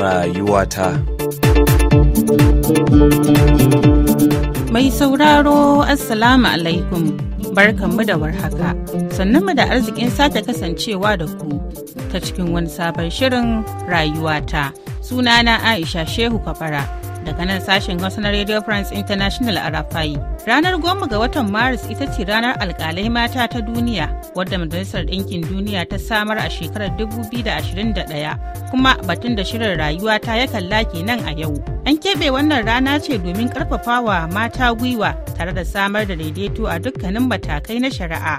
Rayuwata Mai sauraro Assalamu alaikum barkanmu da warhaka sannan mu da arzikin sake kasancewa da ku ta cikin wani sabon shirin rayuwata sunana Aisha Shehu Kafara. daga nan sashen wasu na Radio France International a Rafai. Ranar goma ga watan Maris ita ce ranar alkalai mata ta duniya wadda Majalisar Ɗinkin Duniya ta samar a shekarar 2021 kuma batun da shirin rayuwa ta ya kalla nan a yau. An keɓe wannan rana ce domin ƙarfafawa mata gwiwa tare da samar da daidaito a dukkanin matakai na shari'a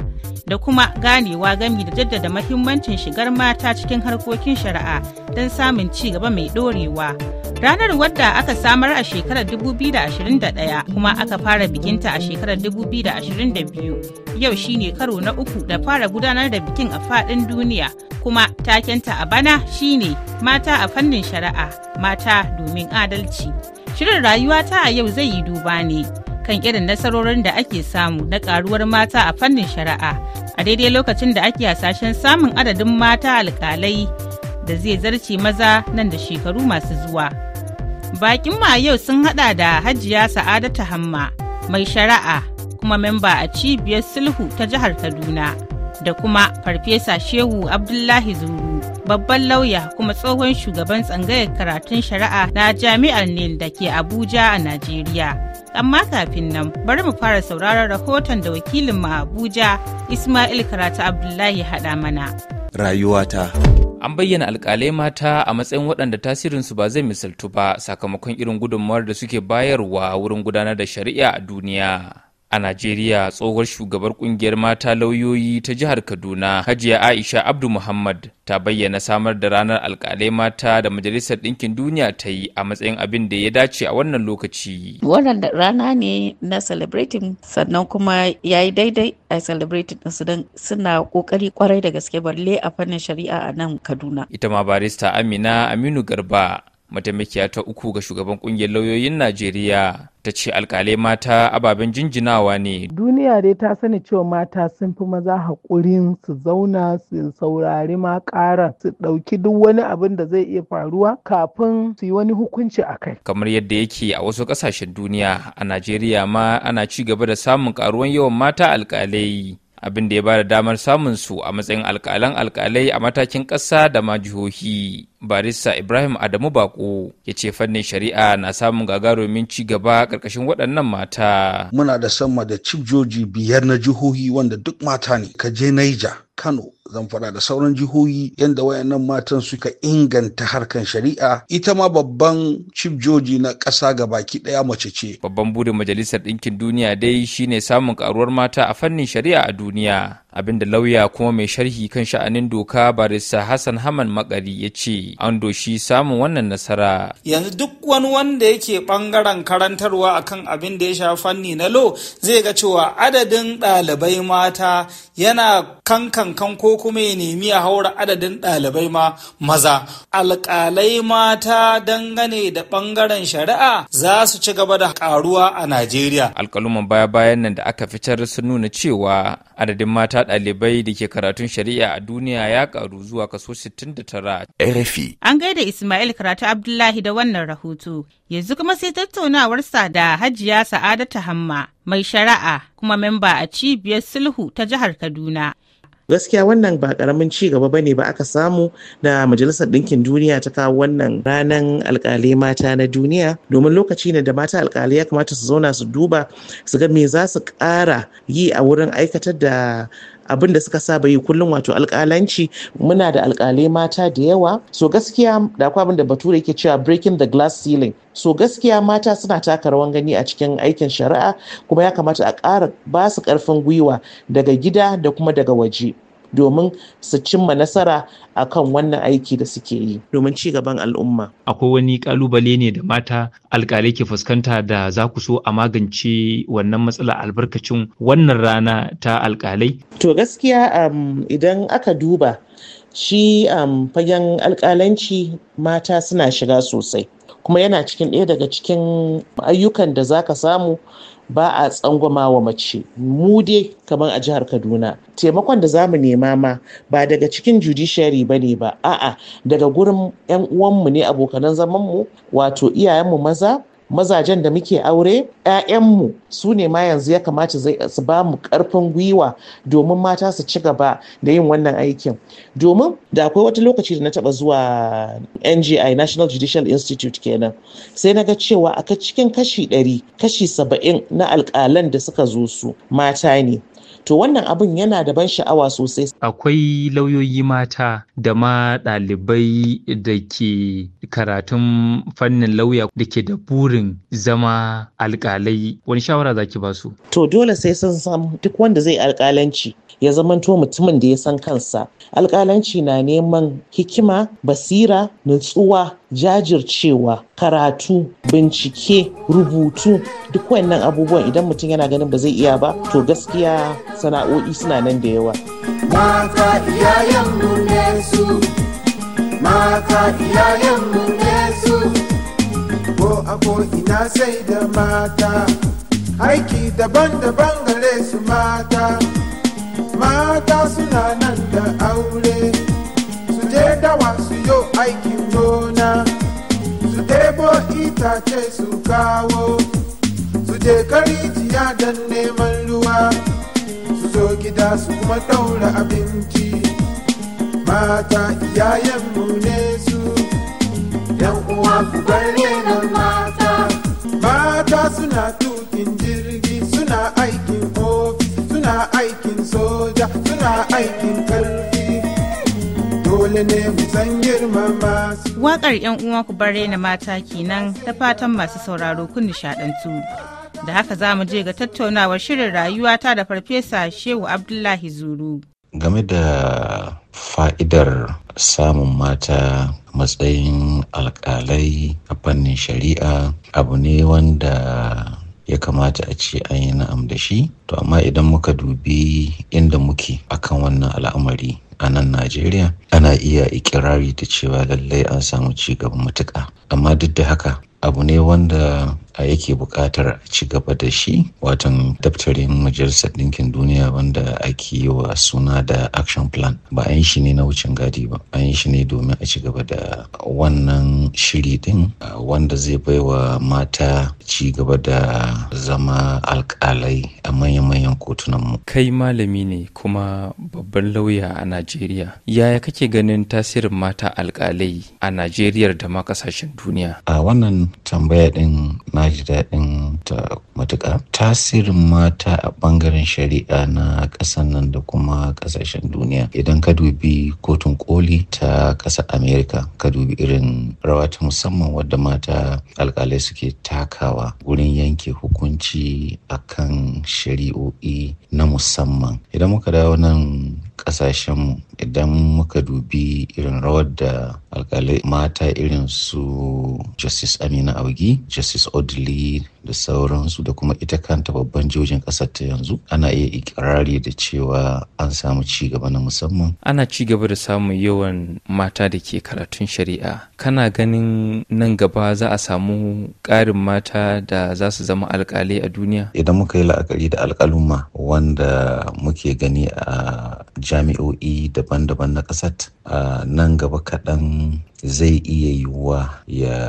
da kuma ganewa gami da jaddada mahimmancin shigar mata cikin harkokin shari'a don samun ci gaba mai ɗorewa. Ranar wadda aka samar a shekarar 2021 kuma aka fara bikinta a shekarar 2022 yau shine karo na uku da fara gudanar da bikin a faɗin duniya kuma takenta a bana shine mata a fannin shari'a mata domin adalci. Shirin rayuwa ta a yau zai yi duba ne kan irin nasarorin da ake samu na karuwar mata a fannin shari'a a daidai lokacin da ake hasashen samun adadin mata alkalai da zai zarce maza nan da shekaru masu zuwa. Bakin ma yau sun haɗa da Hajiya Sa'adatu Hamma, mai shari'a kuma memba a cibiyar sulhu ta jihar Kaduna da kuma Farfesa Shehu Abdullahi Zuru, babban lauya kuma tsohon shugaban tsangayar karatun shari'a na Jami'ar Nil da ke Abuja a Najeriya. Amma kafin nan bari mu fara sauraron rahoton da wakilin mu Abuja Ismail Karatu Abdullahi haɗa mana. Rayuwata. an bayyana alƙalai mata a matsayin waɗanda tasirinsu ba zai misaltu ba sakamakon irin gudunmawar da suke bayarwa wurin gudanar da shari'a a duniya A Najeriya tsohuwar shugabar kungiyar mata lauyoyi ta jihar Kaduna Hajiya Aisha Abdu Muhammad ta bayyana samar da ranar alkalai mata da Majalisar Ɗinkin Duniya ta yi a matsayin abin da ya dace a wannan lokaci. Wannan rana ne na celebrating sannan kuma ya yi daidai a celebrating ɗinsu don suna kokari kwarai da gaske balle a fannin shari'a a nan Kaduna. Ita ma barista Amina Aminu Garba mataimakiya ta uku ga shugaban kungiyar lauyoyin najeriya ta ce alkalai mata ababen jinjinawa ne duniya dai ta sani cewa mata sun fi maza haƙurin su zauna su saurari ma ƙara su ɗauki duk wani abin da zai iya faruwa kafin su yi wani hukunci a kai kamar yadda yake a wasu ƙasashen duniya a najeriya ma ana ci gaba da samun ƙaruwan yawan mata alkalai abin da ya bada damar samun su a matsayin alkalan alkalai a matakin ƙasa da ma jihohi. Barista Ibrahim Adamu Bako ya ce fannin shari'a na samun gagarumin ci gaba ƙarƙashin waɗannan mata. Muna da sama da cibjoji biyar na jihohi wanda duk mata ne, ka je Naija, Kano, zamfara da sauran jihohi yadda wayannan matan suka inganta harkan shari'a ita ma babban chief joji na ƙasa ga baki ɗaya mace ce babban burin majalisar ɗinkin duniya dai shine samun karuwar mata a fannin shari'a a duniya abinda lauya kuma mai sharhi kan sha'anin doka barista hassan haman makari ya ce an doshi samun wannan nasara yanzu duk wani wanda yake bangaren karantarwa akan abin da ya sha fanni na lo zai ga cewa adadin ɗalibai mata yana kankankan ko kuma ya nemi a haura adadin ɗalibai ma maza alƙalai mata dangane da bangaren shari'a za su ci gaba da karuwa a najeriya alƙaluman baya-bayan nan da aka fitar sun nuna cewa adadin mata ɗalibai da ke karatun shari'a a duniya ya karu zuwa kaso 69. RFI. An gaida Ismail Karatu Abdullahi da wannan rahoto. Yanzu kuma sai tattaunawarsa da Hajiya Sa'adatu Hamma, mai shari'a kuma memba a cibiyar sulhu ta jihar Kaduna. gaskiya wannan ba karamin ci gaba bane ba aka samu da majalisar ɗinkin duniya ta kawo wannan Ranan alkalai mata na duniya domin lokaci ne da mata alkalai ya kamata su zauna su duba su ga me za su ƙara yi a wurin aikatar da abin da suka saba yi kullum wato alƙalanci muna da alkalai mata da yawa so gaskiya da akwai abin da bature yake cewa breaking the glass ceiling so gaskiya mata suna taka rawan gani a cikin aikin shari'a kuma ya kamata a ƙara ba su ƙarfin gwiwa daga gida da kuma daga waje domin su cimma nasara a kan wannan aiki da suke yi domin ci gaban al'umma. Akwai wani kalubale ne da mata alkalai ke fuskanta da za ku so a magance wannan matsala albarkacin wannan rana ta alkalai? To gaskiya um, idan aka duba shi um, fagen alkalanci mata suna shiga sosai kuma yana cikin ɗaya daga cikin ayyukan da za ka samu ba a tsangwama wa mace mu dai kamar a jihar kaduna taimakon da zamu nema ma ba daga cikin judiciary ba ne ba a'a daga gurin 'yan uwanmu ne abokanan zamanmu wato iyayenmu maza mazajen da muke aure 'ya'yanmu su ne ma yanzu ya kamata su ba mu karfin gwiwa domin mata su ci gaba da yin wannan aikin domin da akwai wata lokaci da na taba zuwa NGI National Judicial Institute kenan sai na ga cewa aka cikin kashi 100 kashi 70 na alƙalan da suka zo su mata ne to wannan abin yana da ban sha'awa sosai akwai lauyoyi mata da ma ɗalibai da ke karatun fannin lauya da ke da burin zama alƙalai wani shawara za ki ba to dole sai sun samu duk wanda zai alƙalanci ya zamanto mutumin da ya san kansa Alkalanci na neman hikima basira nutsuwa jajircewa karatu bincike rubutu duk wannan abubuwan idan mutum yana ganin ba zai iya ba to gaskiya sana'o'i suna nan da yawa mata iyayenmu ne su ko a ina sai da mata aiki daban-daban gare su mata mata suna nan da aure su je dawa su yo aikin gona ce su kawo su je karijiya don neman ruwa su zo gida su kuma ɗaura abinci mata iyayenmu ne su yan uwa ku na mata mata suna tukin jirgi suna aikin ofis suna aikin soja suna aikin kalli Wakar Waƙar 'yan uwa ku bare na mata kenan ta fatan masu sauraro kun nishaɗantu. Da haka za mu je ga tattaunawar shirin rayuwata da farfesa Shehu Abdullahi Zuru. Game da fa'idar samun mata matsayin alƙalai a fannin shari'a abu ne wanda ya kamata a ce an yi na'am da shi to amma idan muka dubi inda muka wannan al'amari a nan Najeriya ana iya ikirari da cewa lallai an samu ci gaba matuƙa. Amma duk da haka abu ne wanda A yake buƙatar ci gaba da shi watan daftarin majalisar ɗinkin duniya wanda ake yi wa suna da action plan ba an shi ne na wucin gadi ba an shi ne domin a ci gaba da wannan shiri ɗin wanda zai bai wa mata ci gaba da zama alƙalai a manya-manyan mu. kai malami ne kuma babban lauya a najeriya yaya kake ganin tasirin mata alƙalai a najeriya da ma ƙasashen duniya a wannan tambaya ɗin na na ji daɗin ta matuƙa tasirin mata a ɓangaren shari'a na ƙasar nan da kuma ƙasashen duniya idan ka dubi kotun koli ta ƙasar amerika ka dubi irin rawa ta musamman wadda mata alƙalai suke takawa wurin yanke hukunci akan shari'o'i na musamman idan muka dawo nan kasashenmu idan muka dubi irin rawar da alkalai mata irin su justice amina augi justice odili da sauransu da kuma ita kanta babban jojin kasar ta yanzu ana iya ikirari da cewa an samu ci gaba na musamman ana ci gaba da samun yawan mata da ke karatun shari'a kana ganin nan gaba za a samu ƙarin mata da za su zama alkalai a duniya idan muka yi la'akari da alkaluma wanda muke gani a jami'o'i daban-daban na ƙasar nan gaba kaɗan zai iya yiwuwa ya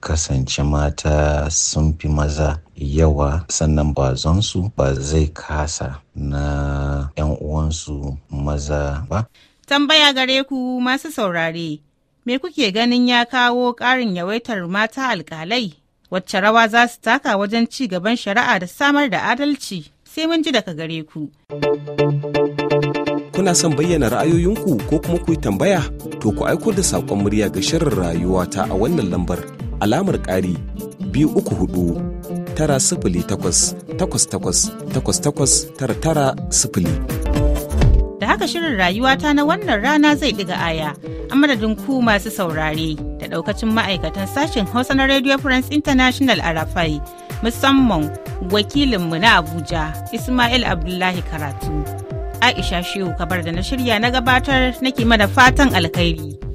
kasance mata sun fi maza yawa sannan bazonsu ba zai kasa na 'yan uwansu maza ba. Tambaya gare ku masu saurare, me kuke ganin ya kawo ƙarin yawaitar mata alkalai Wacce rawa za su taka wajen ci gaban shari'a da samar da adalci sai mun ji daga gare ku. kuna son bayyana ra'ayoyinku ko kuma ku yi tambaya to ku aiko da saƙon murya ga shirin rayuwa ta a wannan lambar alamar ƙari biyu uku hudu tara sifili takwas takwas takwas takwas takwas tara tara sifili. Da haka shirin rayuwa ta na wannan rana zai ɗiga aya a madadin ku masu saurare da ɗaukacin ma'aikatan sashen Hausa na Radio France International a Rafai musamman wakilinmu na Abuja Ismail Abdullahi Karatu. Aisha Shehu Kabar da na shirya na gabatar nake mana fatan alkhairi.